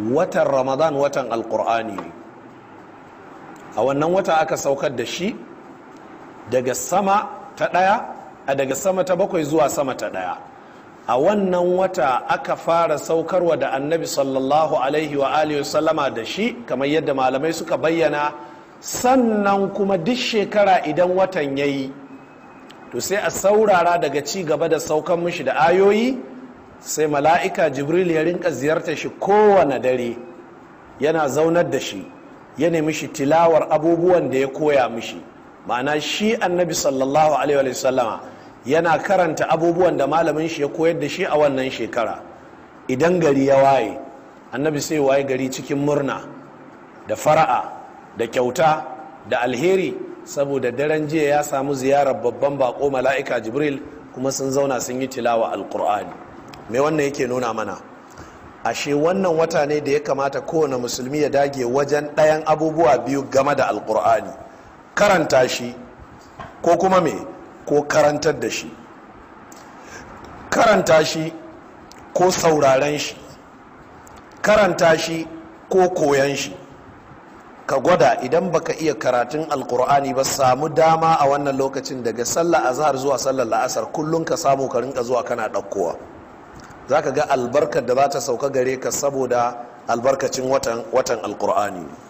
watan ramadan watan alkur'ani a wannan wata aka saukar da shi daga sama ta ɗaya a daga sama ta bakwai zuwa sama ta ɗaya a wannan wata aka fara saukarwa da annabi sallallahu alaihi wa alihi sallama da shi kamar yadda malamai suka bayyana sannan kuma duk shekara idan watan ya yi to sai a saurara daga ci gaba da saukan mushi da ayoyi sai mala'ika jibril ya rinka ziyartar shi kowane dare yana zaunar da shi ya nemi shi tilawar abubuwan da ya koya mishi ma'ana shi annabi sallallahu alaihi wasallama yana karanta abubuwan da malamin shi ya koyar da shi a wannan shekara idan gari ya waye annabi sai waye gari cikin murna da fara'a da kyauta da alheri saboda daren jiya ya samu ziyarar babban bako mala'ika jibril kuma sun zauna sun yi tilawa alkur'ani me wannan yake nuna mana ashe wannan wata ne da ya kamata kowane musulmi ya dage wajen ɗayan abubuwa biyu game da alkur'ani karanta shi ko kuma me ko karantar da shi karanta shi ko sauraren shi karanta shi ko koyan shi ka gwada idan baka iya karatun alkur'ani ba samu dama a wannan lokacin daga sallah azhar zuwa sallar la'asar kullum ka samu ka rinka zuwa kana ɗaukowa za ka ga albarkar da za ta sauka gare ka saboda albarkacin watan alkur'ani